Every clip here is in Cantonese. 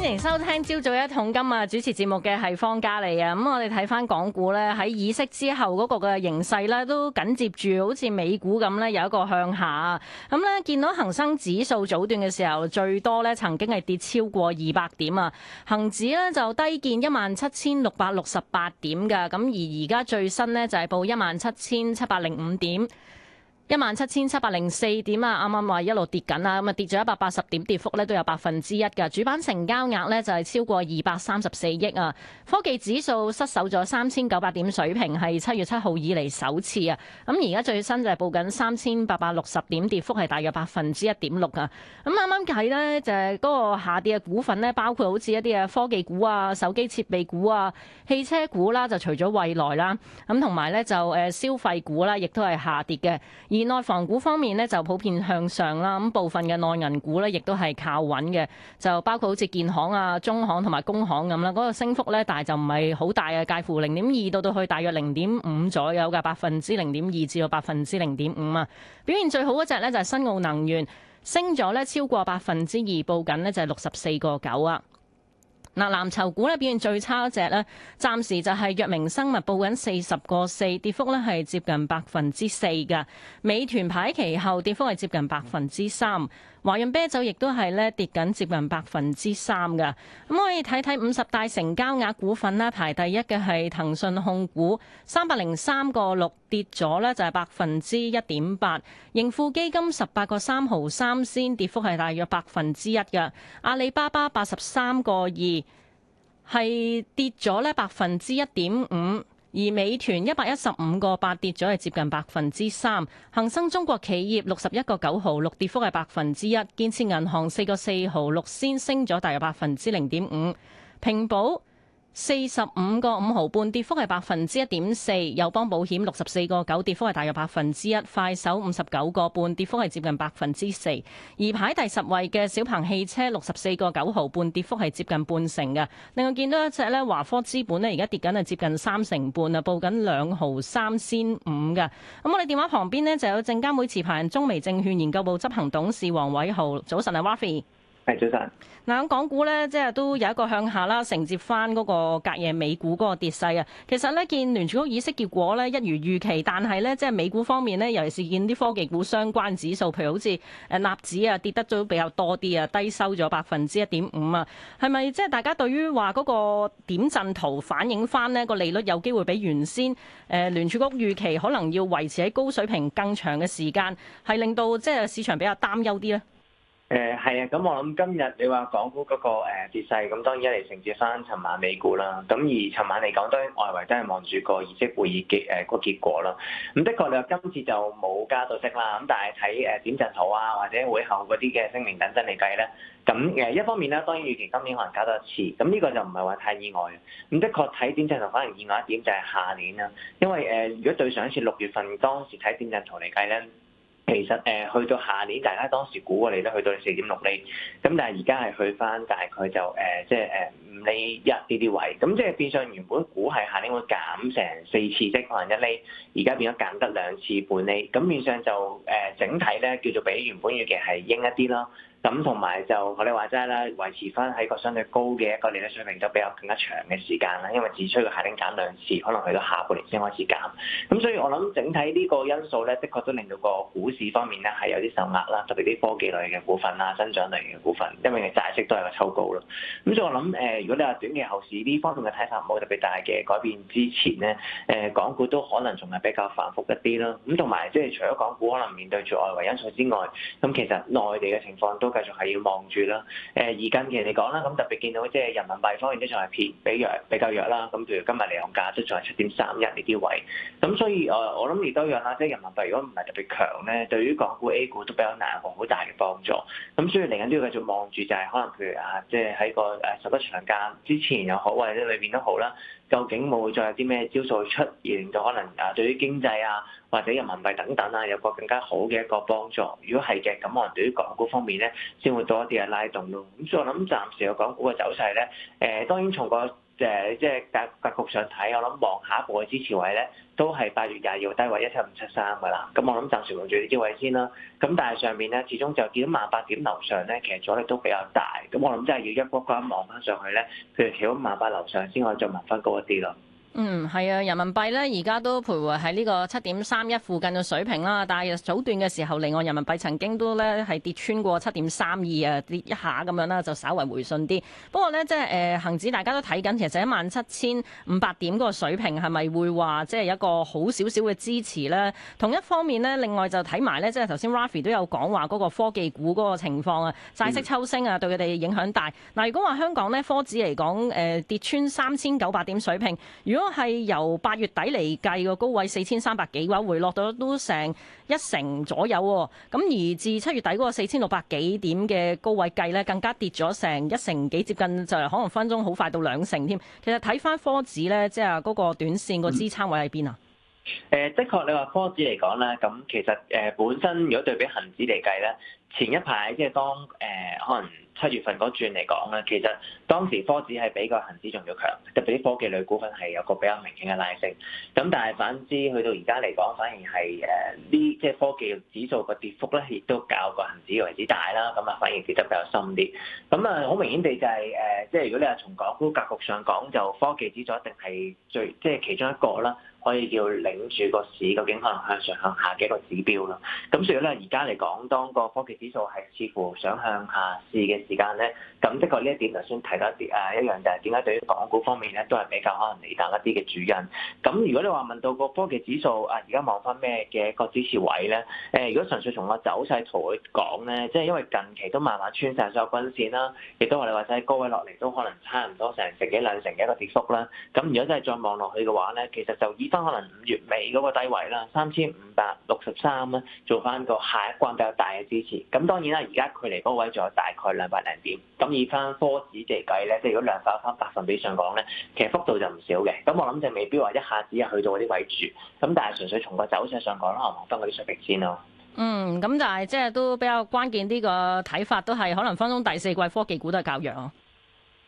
歡迎收聽朝早一桶金啊！主持節目嘅係方家莉啊。咁、嗯、我哋睇翻港股咧，喺議息之後嗰個嘅形勢咧，都緊接住好似美股咁咧，有一個向下咁咧、嗯。見到恒生指數早段嘅時候最多咧，曾經係跌超過二百點啊。恒指咧就低見一萬七千六百六十八點嘅，咁而而家最新呢，就係、是、報一萬七千七百零五點。一萬七千七百零四點啊，啱啱話一路跌緊啊。咁啊跌咗一百八十點，剛剛跌，跌，點跌幅咧都有百分之一嘅。主板成交額咧就係超過二百三十四億啊。科技指數失守咗三千九百點水平，係七月七號以嚟首次啊。咁而家最新就係報緊三千八百六十點，跌幅係大約百分之一點六啊。咁啱啱睇呢，就係、是、嗰個下跌嘅股份呢，包括好似一啲嘅科技股啊、手機設備股啊、汽車股啦，就除咗蔚來啦，咁同埋咧就誒消費股啦，亦都係下跌嘅。內房股方面呢，就普遍向上啦，咁部分嘅內銀股呢，亦都係靠穩嘅，就包括好似建行啊、中行同埋工行咁啦。嗰、嗰個升幅呢，但係就唔係好大啊，介乎零點二到到去大約零點五左右嘅，百分之零點二至到百分之零點五啊。表現最好嗰隻呢，就係新奧能源，升咗呢超過百分之二，報緊呢就係六十四個九啊。嗱，藍籌股呢，表現最差嗰隻呢，暫時就係藥明生物，報緊四十個四，跌幅呢係接近百分之四㗎。美團排其後，跌幅係接近百分之三。華潤啤酒亦都係呢，跌緊接近百分之三㗎。咁可以睇睇五十大成交額股份呢，排第一嘅係騰訊控股，三百零三個六，跌咗呢就係百分之一點八。盈富基金十八個三毫三先，跌幅係大約百分之一嘅。阿里巴巴八十三個二，係跌咗咧百分之一點五，而美團一百一十五個八跌咗係接近百分之三，恒生中國企業六十一個九毫六跌幅係百分之一，建設銀行四個四毫六先升咗大約百分之零點五，平保。四十五個五毫半，跌幅係百分之一點四。友邦保險六十四個九，跌幅係大約百分之一。快手五十九個半，跌幅係接近百分之四。而排第十位嘅小鵬汽車六十四個九毫半，跌幅係接近半成嘅。另外見到一隻咧，華科資本咧，而家跌緊啊，接近三成半啊，報緊兩毫三仙五嘅。咁我哋電話旁邊咧就有證監會持牌人中美證券研究部執行董事黃偉豪。早晨啊，Wafi。係嗱，咁港股咧，即係都有一個向下啦，承接翻嗰個隔夜美股嗰個跌勢啊。其實呢，見聯儲局議息結果呢一如預期，但係呢，即係美股方面呢，尤其是見啲科技股相關指數，譬如好似誒納指啊，跌得都比較多啲啊，低收咗百分之一點五啊。係咪即係大家對於話嗰個點陣圖反映翻呢個利率有機會比原先誒聯儲局預期可能要維持喺高水平更長嘅時間，係令到即係市場比較擔憂啲呢？誒係啊，咁、嗯嗯、我諗今日你話港股嗰個誒跌勢，咁、嗯、當然一嚟承接翻尋晚美股啦。咁而尋晚嚟講，當然外圍都係望住個議息會議結誒個結果咯。咁、嗯、的確你話今次就冇加到息啦。咁但係睇誒點陣圖啊，或者會後嗰啲嘅聲明等等嚟計咧，咁、嗯、誒、嗯、一方面咧，當然預期今年可能加多一次。咁、嗯、呢、這個就唔係話太意外。咁、嗯、的確睇點陣圖反而意外一點就係下年啦，因為誒、呃、如果對上一次六月份當時睇點陣圖嚟計咧。其實誒、呃、去到下年，大家當時估我哋都去到四點六厘，咁但係而家係去翻大概就誒即係誒五厘一呢啲位，咁即係變相原本估係下年會減成四次即係百分一厘，而家變咗減得兩次半厘。咁變相就誒、呃、整體咧叫做比原本預期係鷹一啲咯。咁同埋就我哋話齋啦，維持返喺個相對高嘅一個利率水平，就比較更加長嘅時間啦。因為只出要下拎減兩次，可能去到下半年先開始減。咁所以我諗整體呢個因素咧，的確都令到個股市方面咧係有啲受壓啦，特別啲科技類嘅股份啦，增長類嘅股份，因為你債息都係個抽高咯。咁所以我諗誒，如果你話短期後市呢方面嘅睇法唔好特別大嘅改變之前咧，誒港股都可能仲係比較反覆一啲啦。咁同埋即係除咗港股可能面對住外圍因素之外，咁其實內地嘅情況都。繼續係要望住啦，誒，而近期嚟講啦，咁特別見到即係人民幣方面都仲係偏比弱比較弱啦，咁譬如今日離岸價都仲係七點三一呢啲位，咁所以誒，我諗亦都有啦，即係人民幣如果唔係特別強咧，對於港股 A 股都比較難好大嘅幫助，咁所以嚟緊都要繼續望住，就係可能譬如啊，即係喺個誒十一長假之前又好或者裏邊都好啦，究竟會唔會再有啲咩招數出現，就可能啊對於經濟啊。或者人民幣等等啊，有個更加好嘅一個幫助。如果係嘅，咁我哋對於港股方面咧，先會多一啲嘅拉動咯。咁所以我諗暫時嘅港股嘅走勢咧，誒、呃、當然從個誒、呃、即係格格局上睇，我諗望下一步嘅支持位咧，都係八月廿二號低位一七五七三嘅啦。咁我諗暫時望住呢啲位先啦。咁但係上面咧，始終就見到萬八點樓上咧，其實阻力都比較大。咁我諗真係要一屋一屋望翻上去咧，譬如企喺萬八樓上先可以再望翻高一啲咯。嗯，係啊，人民幣咧而家都徘徊喺呢個七點三一附近嘅水平啦。但係早段嘅時候，離岸人民幣曾經都咧係跌穿過七點三二啊，跌一下咁樣啦，就稍為回順啲。不過咧，即係誒恆指大家都睇緊，其實一萬七千五百點嗰個水平係咪會話即係有一個好少少嘅支持咧？同一方面呢，另外就睇埋咧，即係頭先 Raffy 都有講話嗰個科技股嗰個情況啊，債息抽升啊，對佢哋影響大。嗱、嗯呃，如果話香港呢，科指嚟講誒、呃、跌穿三千九百點水平，如果都係由八月底嚟計個高位四千三百幾嘅話，回落到都成一成左右喎。咁而至七月底嗰個四千六百幾點嘅高位計咧，更加跌咗成一成幾，接近就係可能分鐘好快到兩成添。其實睇返科指咧，即係嗰個短線個支撐位喺邊啊？誒、嗯呃，的確你話科指嚟講咧，咁其實誒、呃、本身如果對比恒指嚟計咧。前一排即係當誒、呃、可能七月份嗰轉嚟講咧，其實當時科指係比個恒指仲要強，特別啲科技類股份係有個比較明顯嘅拉升。咁但係反之去到而家嚟講，反而係誒呢即係科技指數個跌幅咧，亦都較個恒指為之大啦。咁啊，反而跌得比較深啲。咁啊，好明顯地就係、是、誒、呃，即係如果你係從港股格局上講，就科技指數一定係最即係其中一個啦，可以叫領住個市究竟可能向上向下嘅一個指標咯。咁所以咧，而家嚟講，當個科技指數係似乎想向下試嘅時間咧，咁的確呢一點就算提多啲啊，一樣就係點解對於港股方面咧，都係比較可能理大一啲嘅主因。咁如果你話問到個科技指數啊，而家望翻咩嘅一個支持位咧？誒、呃，如果純粹從個走勢圖去講咧，即係因為近期都慢慢穿晒所有均線啦，亦都話你話曬高位落嚟都可能差唔多成成幾兩成嘅一個跌幅啦。咁如果真係再望落去嘅話咧，其實就以翻可能五月尾嗰個低位啦，三千五百六十三啦，做翻個下一關比較大嘅支持。咁當然啦，而家佢離嗰位仲有大概兩百零點。咁以翻科指嚟計咧，即係如果量化翻百分比上講咧，其實幅度就唔少嘅。咁我諗就未必話一下子去到嗰啲位住。咁但係純粹從走看看個走勢上講啦，望翻嗰啲水平先咯。嗯，咁但係即係都比較關鍵啲個睇法都係，可能分中第四季科技股都係較弱哦。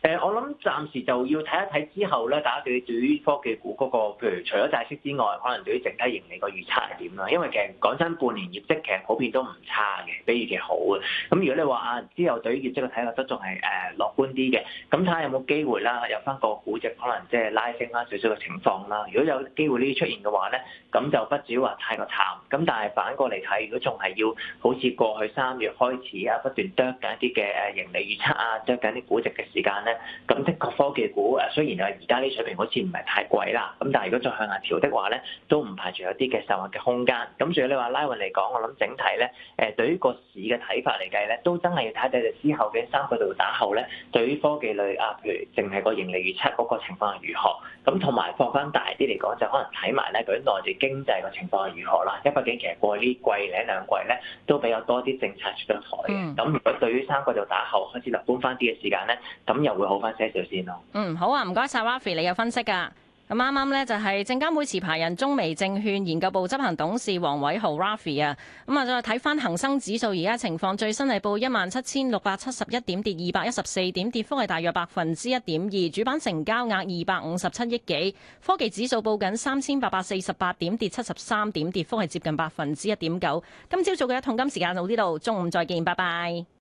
誒，我諗暫時就要睇一睇之後咧，大家對對於科技股嗰個譬如除咗債息之外，可能對於整體盈利個預測係點啦。因為其實講真，半年業績其實普遍都唔差嘅，比預期好嘅。咁如果你話啊，之後對於業績嘅睇落都仲係誒樂觀啲嘅，咁睇下有冇機會啦，有翻個估值可能即係拉升啦，少少嘅情況啦。如果有機會呢啲出現嘅話咧，咁就不至於話太過慘。咁但係反過嚟睇，如果仲係要好似過去三月開始啊，不斷啄 r 緊一啲嘅誒盈利預測啊，啄 r 緊啲估值嘅時間咧。咁的確科技股誒，雖然話而家啲水平好似唔係太貴啦，咁但係如果再向下調的話咧，都唔排除有啲嘅受壓嘅空間。咁仲有你話拉勻嚟講，我諗整體咧誒，對於個市嘅睇法嚟計咧，都真係要睇睇佢之後嘅三個度打後咧，對於科技類啊，譬如淨係個盈利預測嗰個情況係如何。咁同埋放翻大啲嚟講，就可能睇埋咧究竟內地經濟嘅情況係如何啦。因為畢竟其實過去呢季呢兩季咧都比較多啲政策出咗台嘅。咁、嗯、如果對於三個度打後開始留翻翻啲嘅時間咧，咁又好翻些少先咯。嗯，好啊，唔該晒。Raffy，f 你有分析㗎、啊。咁啱啱呢，就係證監會持牌人中微證券研究部執行董事黃偉豪 Raffy f 啊。咁、嗯、啊，再睇翻恒生指數而家情況，最新係報一萬七千六百七十一點，跌二百一十四點，跌幅係大約百分之一點二。主板成交額二百五十七億幾。科技指數報緊三千八百四十八點，跌七十三點，跌幅係接近百分之一點九。今朝早嘅一桶金時間到呢度，中午再見，拜拜。